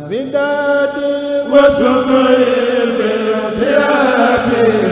بداتي وشكري بالتراب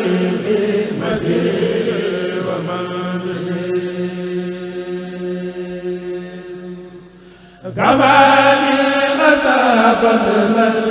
قد ملت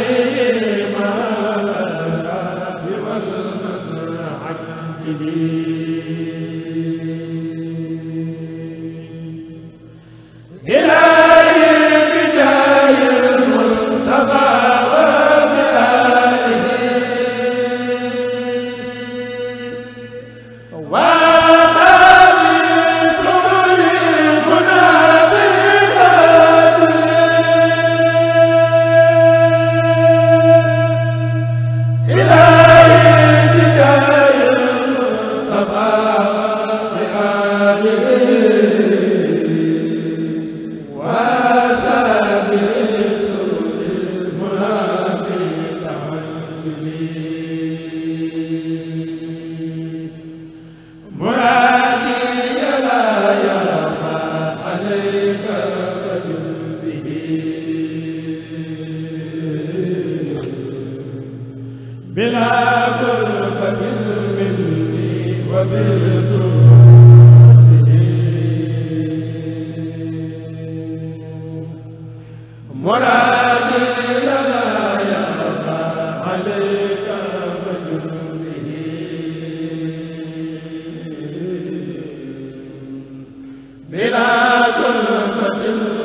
bila zulmatin